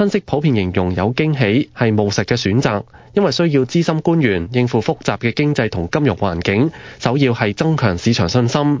分析普遍形容有驚喜，係務實嘅選擇，因為需要資深官員應付複雜嘅經濟同金融環境，首要係增強市場信心。